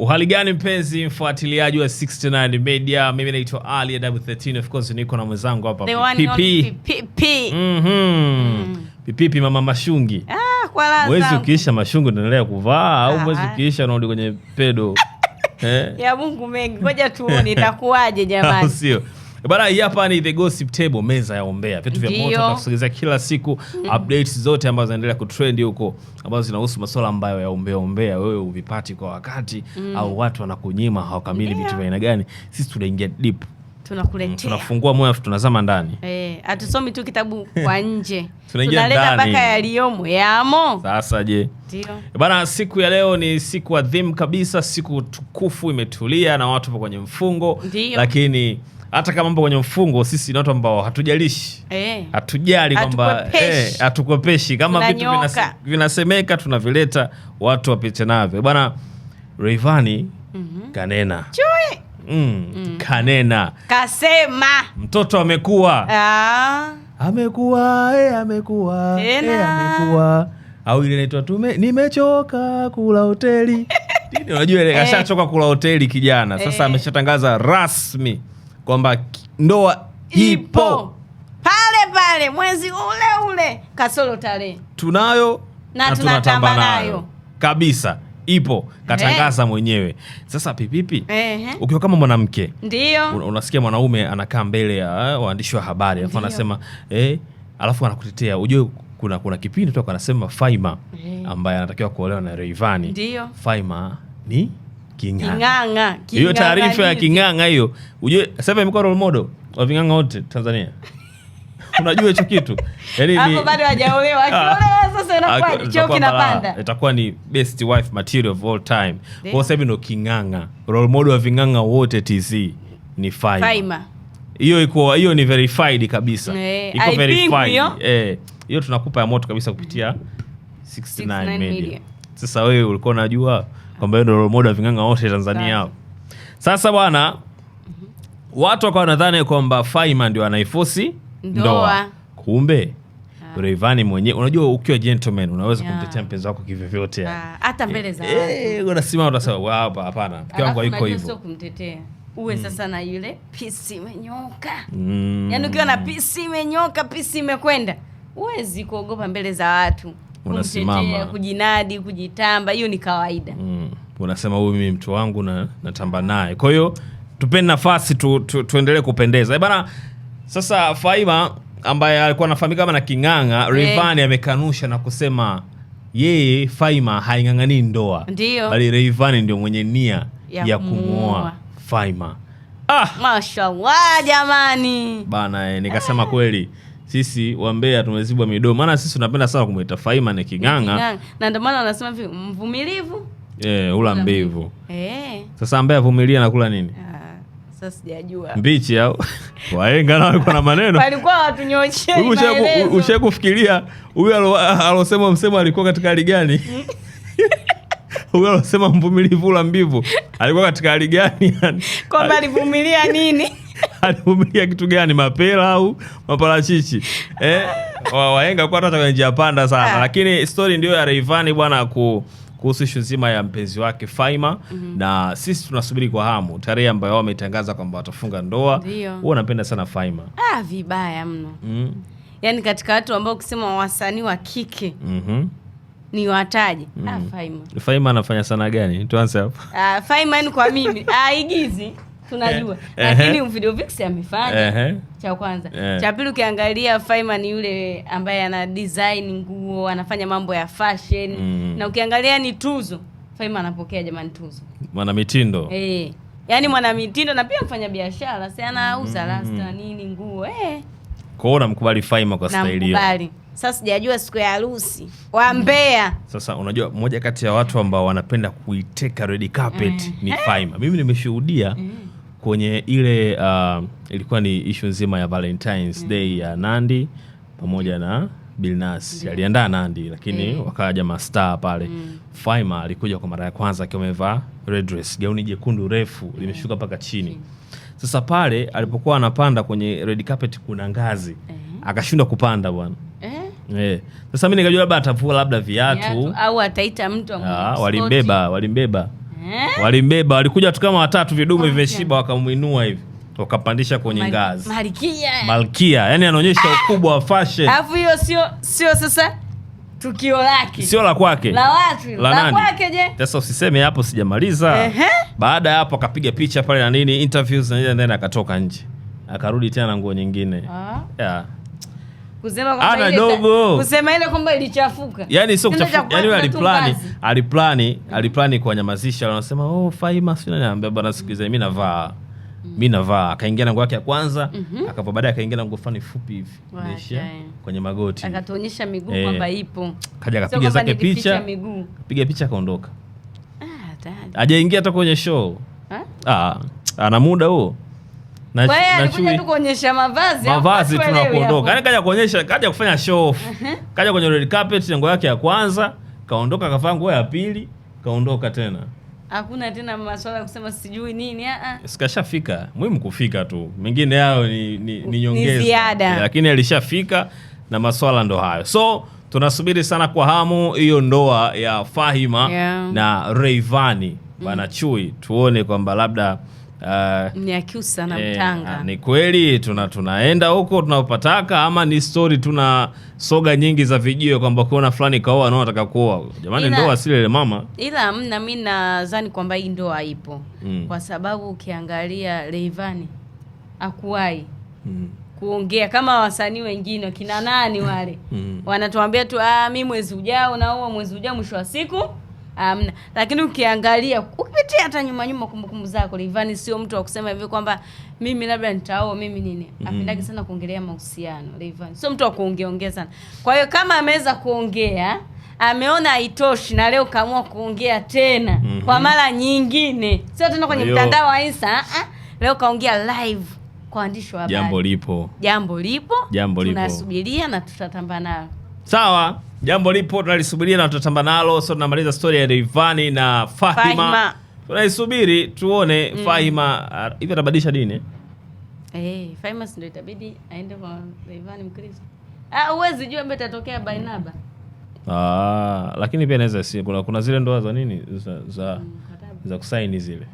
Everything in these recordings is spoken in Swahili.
Uhali gani mpenzi mfuatiliaji wa 69 Media, mimi naitwa Ali W13, of course niko na mwenzangu hapa Pipi Pipi. Mhm. Mm. Pipi mama mashungi. Ah, kwa laza. Mwezi ukiisha mashungi unaendelea kuvaa au mwezi ah. ukiisha unarudi kwenye pedo. eh? Ya Mungu mengi. Ngoja tuone itakuwaje jamani. Sio. Bana, hii hapa ni the gossip table, meza ya ombea, vitu vya moto tunakusogezea kila siku mm. updates zote ambazo zinaendelea kutrend huko ambazo zinahusu masuala ambayo ya ombea ombea, wewe uvipati kwa wakati mm, au watu wanakunyima hawakamili vitu vya aina gani? Sisi tunaingia deep, tunakuletea mm, tunafungua moyo afu tunazama ndani eh, atusomi tu kitabu kwa nje tunaleta mpaka yaliyomo yamo. Sasa je, ndio bana, siku ya leo ni siku adhimu kabisa, siku tukufu, imetulia na watu wapo kwenye mfungo Dio, lakini hata kama mpo kwenye mfungo, sisi ni watu ambao hatujalishi eh, hatujali kwamba hatukwepeshi e, eh, kama vitu vinasemeka tunavileta watu wapite navyo bwana. Rayvanny mm -hmm. kanena Chui. Mm, mm. Kanena kasema mtoto amekuwa amekuwa e, amekuwa e, amekuwa au ile inaitwa tume nimechoka kula hoteli. Unajua ile kashachoka eh. kula hoteli kijana sasa, eh. ameshatangaza rasmi kwamba ndoa ipo pale pale mwezi ule ule kasoro tarehe, tunayo na tunatamba nayo kabisa, ipo katangaza hey, eh. mwenyewe sasa pipipi hey, Ukiwa kama mwanamke ndio unasikia mwanaume anakaa mbele ya eh, waandishi wa habari alafu anasema eh, alafu anakutetea ujue kuna kuna kipindi tu anasema Faima eh. ambaye anatakiwa kuolewa na reivani Ndio. Faima ni King'ang'a. Hiyo taarifa ya King'ang'a hiyo, ujue sasa imekuwa role model wa ving'ang'a wote Tanzania. Unajua hicho kitu yaani hapo bado hajaolewa, akiolewa sasa ah, inakuwa cheo kinapanda, itakuwa ni best wife material of all time. Kwa sababu hivi ndo King'ang'a, role model wa ving'ang'a wote TC ni Faima. Faima. Hiyo iko hiyo ni verified kabisa, eh, iko verified eh, hiyo tunakupa ya moto kabisa kupitia 69 million. Sasa wewe ulikuwa unajua kwamba ndio role model ving'ang'a wote Tanzania hao. Sasa bwana, watu wakawa nadhani kwamba Faima ndio anaifosi ndoa, kumbe Rayvanny ah. mwenyewe. Unajua, ukiwa gentleman unaweza kumtetea mpenzi wako kivyo vyote ah, hata mbele za eh, eh, watu unasimama, utasema hapa, hapana, mke wangu haiko hivyo, uwe mm. Sasa na yule pisi imenyoka mm. Yaani ukiwa na pisi imenyoka, pisi imekwenda, huwezi kuogopa mbele za watu unasimama kujinadi, kujitamba, hiyo ni kawaida mm. Unasema huyu mimi mtu wangu na natamba naye, kwa hiyo tupeni nafasi tu, tu, tuendelee kupendeza e bana. Sasa Faima ambaye alikuwa anafahamika kama na King'ang'a hey. Eh. Rayvanny amekanusha na kusema yeye Faima haing'ang'anii ndoa, ndio bali Rayvanny ndio mwenye nia ya, ya kumuoa Faima. Ah, mashallah jamani bana, eh, nikasema ah. kweli sisi wa Mbeya tumezibwa midomo, maana sisi tunapenda sana kumwita Faiman Kiganga, na ndio maana wanasema hivi mvumilivu eh, ula mbivu eh. Sasa ambaye avumilia na kula nini? Ah, sasa sijajua mbichi au waenga, nao na maneno walikuwa watunyoshia maelezo. Ushe kufikiria huyu alosema msemo alikuwa katika hali gani? huyu alosema mvumilivu ula mbivu alikuwa katika hali gani? kwamba alivumilia nini? anaumia kitu gani? Mapela au maparachichi eh? Wahenga kwa hata kwenye njia panda sana, ah. lakini stori ndio ya Rayvanny bwana ku kuhusu ishu nzima ya mpenzi wake Faima. mm -hmm. Na sisi tunasubiri kwa hamu tarehe ambayo wametangaza kwamba watafunga ndoa. Huwa napenda sana Faima. Ah, vibaya mno. mm. Yaani katika watu ambao ukisema wasanii wa kike mm -hmm. ni wataje? Ah, mm. Ah, Faima. Faima anafanya sana gani? Tuanze hapo. Ah, Faima ni kwa mimi ah, igizi tunajua eh, lakini eh. video vixi amefanya eh, cha kwanza. uh -huh. Cha pili, ukiangalia Faiman yule ambaye ana design nguo, anafanya mambo ya fashion mm. na ukiangalia ni tuzo Faiman anapokea jamani, tuzo mwana mitindo eh, yaani mwana mitindo na pia mfanya biashara, si anauza mm. rasta nini nguo eh, kwao hiyo namkubali Faiman kwa staili hiyo, namkubali. Sasa sijajua siku ya harusi wa Mbeya. Sasa unajua mmoja kati ya watu ambao wanapenda kuiteka red carpet mm. ni Faima. Mimi nimeshuhudia mm kwenye ile uh, ilikuwa ni ishu nzima ya Valentines mm. Day ya Nandi pamoja na Billnass mm. aliandaa Nandi lakini mm. wakaja mastaa pale mm. Faima alikuja kwa mara ya kwanza akiwa amevaa red dress, gauni jekundu refu mm. limeshuka mpaka chini mm. Sasa pale alipokuwa anapanda kwenye red carpet kuna ngazi mm. akashindwa kupanda bwana Eh. Eh. Sasa mimi nikajua labda atavua labda viatu au ataita mtu ah, walimbeba walimbeba eh? Walimbeba, walikuja tu kama watatu, vidumu vimeshiba, wakamwinua hivi wakapandisha kwenye Mal ngazi malkia, malkia. Yani anaonyesha ah! ukubwa wa fashion, alafu hiyo sio sio sasa tukio lake sio la kwake la watu la, la kwake. Je, sasa usiseme hapo, sijamaliza. Ehe, baada ya hapo akapiga picha pale na nini, interviews na then akatoka nje akarudi tena na nguo nyingine ah. yeah ana dogo kusema ile kwamba ilichafuka, yani sio kuchafuka, yani aliplani aliplani aliplani kuwanyamazisha. Wanasema oh, Faima sio nani, anambia bwana, mimi navaa mimi navaa. Akaingia na nguo yake ya kwanza mm -hmm. baadaye, akaingia na nguo fulani fupi hivi inaishia kwenye magoti, akatuonyesha miguu eh, kwamba ipo. Kaja akapiga zake picha, piga picha, akaondoka. Ah, hajaingia hata kwenye show. Ah, ana muda huo kuonyesha mavazi mavazi yani kaja kuonyesha, kaja kufanya show off uh-huh. kaja kwenye red carpet nguo yake ya kwanza kaondoka, kavaa nguo ya pili kaondoka tena. Hakuna tena maswala ya kusema sijui nini, ah, ah. sikashafika. Muhimu kufika tu, mengine yao ni, ni, ni nyongeza, lakini alishafika na maswala ndo hayo. So tunasubiri sana kwa hamu hiyo ndoa ya Fahima yeah. na Rayvanny mm. bana Chui, tuone kwamba labda Uh, ni akiu sana e, mtanga. Ni kweli tuna tunaenda huko tunapataka, ama ni stori tuna soga nyingi za vijio kwamba kuona fulani kaoa na nataka kuoa. Jamani, ndoa si mama, ila mna mi nadhani kwamba hii ndoa ipo mm. kwa sababu ukiangalia reivani akuwai mm. kuongea kama wasanii wengine wakina nani wale mm. wanatuambia tu ah, mi mwezi ujao na mwezi ujao mwisho wa siku amna. Lakini ukiangalia ukipitia hata nyuma nyuma kumbukumbu zako, Rayvanny sio mtu wa kusema hivi kwamba mimi labda nitaoa mimi nini. Mm. Mm-hmm. Apendaki sana kuongelea mahusiano Rayvanny. Sio mtu wa kuongeongea sana. Kwa hiyo kama ameweza kuongea ameona haitoshi na leo kaamua kuongea tena mm -hmm. kwa mm-hmm. mara nyingine, sio tena kwenye mtandao wa Insta. Ah, ah. Leo kaongea live kwa waandishi wa habari. Jambo lipo, jambo lipo, jambo lipo, tunasubiria na tutatamba nalo. Sawa. Jambo lipo tunalisubiria na tutatamba nalo. So tunamaliza story ya Rayvanny na Fahima, Fahima. Tunaisubiri tuone mm. Fahima ah, hivi atabadilisha dini eh? Hey, Fahima ndio itabidi aende kwa Rayvanny Mkristo? Ah, uwezi jua mbe tatokea bainaba. Ah, lakini pia naweza si kuna, kuna zile ndoa za nini za za, mm, za kusaini zile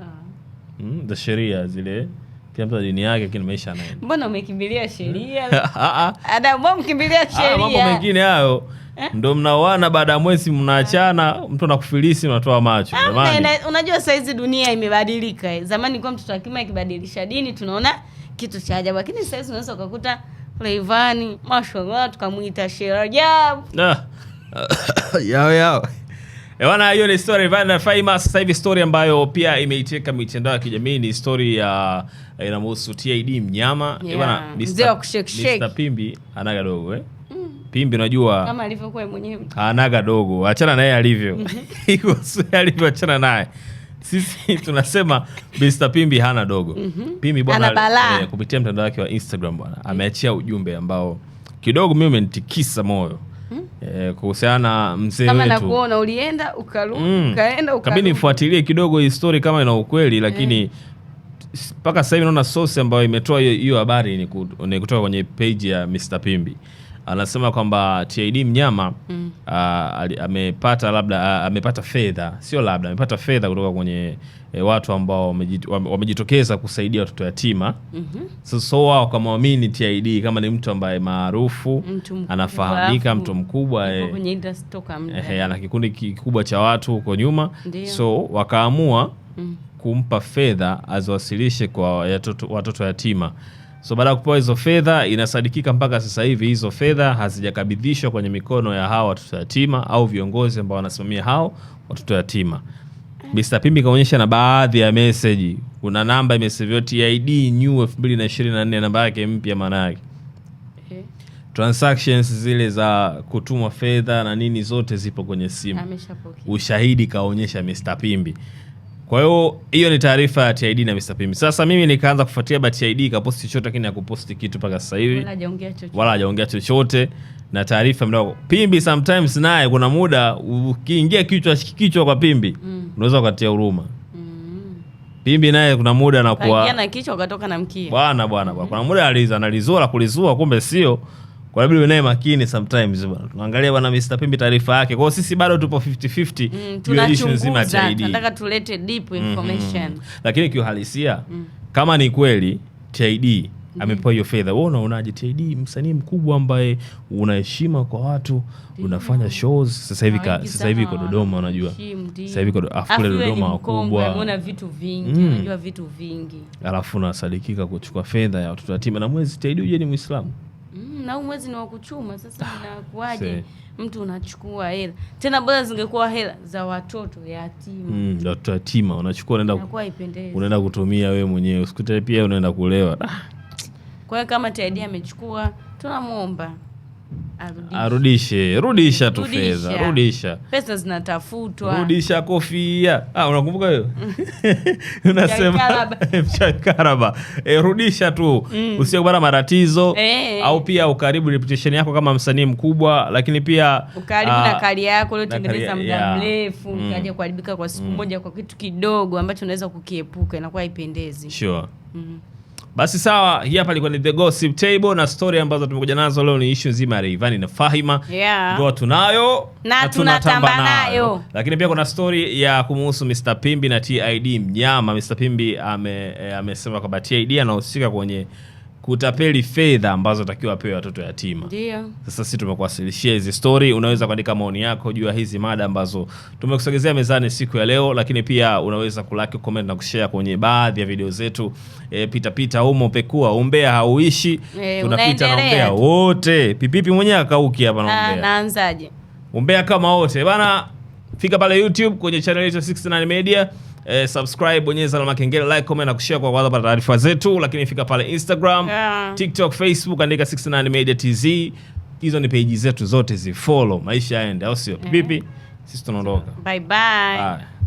ah. mm, za sheria zile mm kila mtu na dini yake, lakini maisha anaenda. Mbona umekimbilia sheria? Ah, ah, ah. mbona umekimbilia sheria. Mambo mengine hayo eh? ndo mnaoana baada ya mwezi mnaachana, mtu anakufilisi unatoa macho. Jamani, unajua saa hizi dunia imebadilika. Eh, zamani kwa mtoto akima akibadilisha dini tunaona kitu cha ajabu, lakini saa hizi unaweza ukakuta Rayvanny mashallah tukamwita Sherajab yao yao Eh, bwana, hiyo ni story Vanna Faima. Sasa hivi story ambayo pia imeiteka mitandao ya kijamii ni story ya uh, inamhusu TID mnyama. Eh, yeah. Bwana, mzee wa kushake Mr. Pimbi anaga dogo eh? Mm. Pimbi unajua kama alivyokuwa mwenyewe. Anaga dogo. Achana naye alivyo. Mm-hmm. Iko alivyo achana naye. Sisi tunasema Mr. Pimbi hana dogo. Mm -hmm. Pimbi bwana eh, kupitia mtandao wake wa Instagram bwana mm. ameachia ujumbe ambao kidogo mimi umenitikisa moyo. Eh, kuhusiana na mzee wetu. Kama nakuona ulienda ukarudi, mm. Ukaenda ukarudi. Kabini nifuatilie kidogo hii story kama ina ukweli lakini eh. mpaka mm. Sasa hivi naona source ambayo imetoa hiyo habari ni kutoka kwenye page ya Mr Pimbi anasema kwamba TID Mnyama mm. uh, amepata labda uh, amepata fedha sio labda amepata fedha kutoka kwenye eh, watu ambao wamejitokeza kusaidia watoto yatima mm -hmm. So, so wao wakamwamini TID kama ni mtu ambaye maarufu anafahamika, mtu mkubwa eh, eh, ana kikundi kikubwa cha watu huko nyuma Ndiyo. So wakaamua mm. kumpa fedha aziwasilishe kwa watoto yatima So baada ya kupewa hizo fedha, inasadikika mpaka sasa hivi hizo fedha hazijakabidhishwa kwenye mikono ya hawa watoto yatima au viongozi ambao wanasimamia hao watoto yatima. Mr. Pimbi kaonyesha na baadhi ya meseji. Kuna namba imeseviwa TID new 2024 namba yake mpya maana yake. Eh. Transactions zile za kutumwa fedha na nini zote zipo kwenye simu. Ushahidi kaonyesha Mr. Pimbi. Kwa hiyo hiyo ni taarifa ya TID na Mr. Pimbi. Sasa mimi nikaanza kufuatia ba TID kaposti chochote, lakini hakuposti kitu mpaka sasa hivi, wala hajaongea chochote na taarifa mdogo. Pimbi sometimes naye kuna muda ukiingia kichwa kichwa kwa Pimbi mm. unaweza ukatia huruma mm. Pimbi naye kuna muda anakuwa na kichwa ukatoka na mkia bwana bwana, kuna muda analizua la kulizua, kumbe sio kwa unaye makini sometimes bwana, tunaangalia bwana Mr Pimbi taarifa yake. Kwa hiyo sisi bado tupo 50-50 mm, tunataka tulete deep mhm. information mm -hmm. Lakini kiuhalisia mm. kama ni kweli TID mm-hmm. amepewa hiyo fedha, wewe unaonaje? TID msanii mkubwa ambaye unaheshima kwa watu, unafanya shows sasa hivi, sasa hivi iko Dodoma, unajua sasa hivi iko Dodoma wakubwa, unaona vitu vingi, unajua mm. vitu vingi, alafu unasadikika kuchukua fedha ya watoto yatima, na mwezi TID uje ni Muislamu Mm, na mwezi ni wa kuchuma sasa, ah, inakuwaje? Mtu unachukua hela tena, bora zingekuwa hela za watoto yatima. Mm, watoto yatima unachukua unaenda unaenda kutumia wewe mwenyewe, usikute pia unaenda kulewa. Ah. Kwa hiyo kama tayari amechukua, tunamwomba arudishe, Rudisha tu fedha, rudisha pesa, zinatafutwa. Rudisha kofia. Ah, unakumbuka hiyo unasema mchakaraba e, eh, rudisha tu mm. Usio kupata matatizo e. Au pia ukaribu reputation yako kama msanii mkubwa, lakini pia ukaribu ah, na kari yako uliotengeneza muda mrefu mm. kaja kuharibika kwa siku mm. moja kwa kitu kidogo ambacho unaweza kukiepuka, inakuwa haipendezi. Sure. Mm. Basi sawa, hii hapa ilikuwa ni the gossip table na story ambazo tumekuja nazo leo ni issue nzima ya Rayvanny na Fahima. Yeah. Ndio tunayo na, na tunatamba nayo. Lakini pia kuna story ya kumuhusu Mr Pimbi na TID mnyama. Mr Pimbi eh, amesema ame kwamba TID anahusika kwenye kutapeli fedha ambazo takiwa apewe watoto yatima. Ndio. Sasa sisi tumekuwasilishia hizi story, unaweza kuandika maoni yako juu ya hizi mada ambazo tumekusogezea mezani siku ya leo, lakini pia unaweza kulike, comment na kushare kwenye baadhi ya video zetu. E, pita pita umo pekua, umbea hauishi. E, tunapita na umbea wote. Pipipi mwenyewe akauki hapa na ah, umbea. Naanzaje? Umbea kama wote bana. Fika pale YouTube kwenye channel yetu 69 Media. Eh, subscribe, bonyeza alama kengele, like, comment na kushare kwa kwanza taarifa zetu, lakini fika pale Instagram, yeah. TikTok, Facebook andika 69 Media TZ. Hizo ni page zetu zote, zifollow, maisha yaende, au sio? Vipi? Sisi tunaondoka. Bye bye. Bye.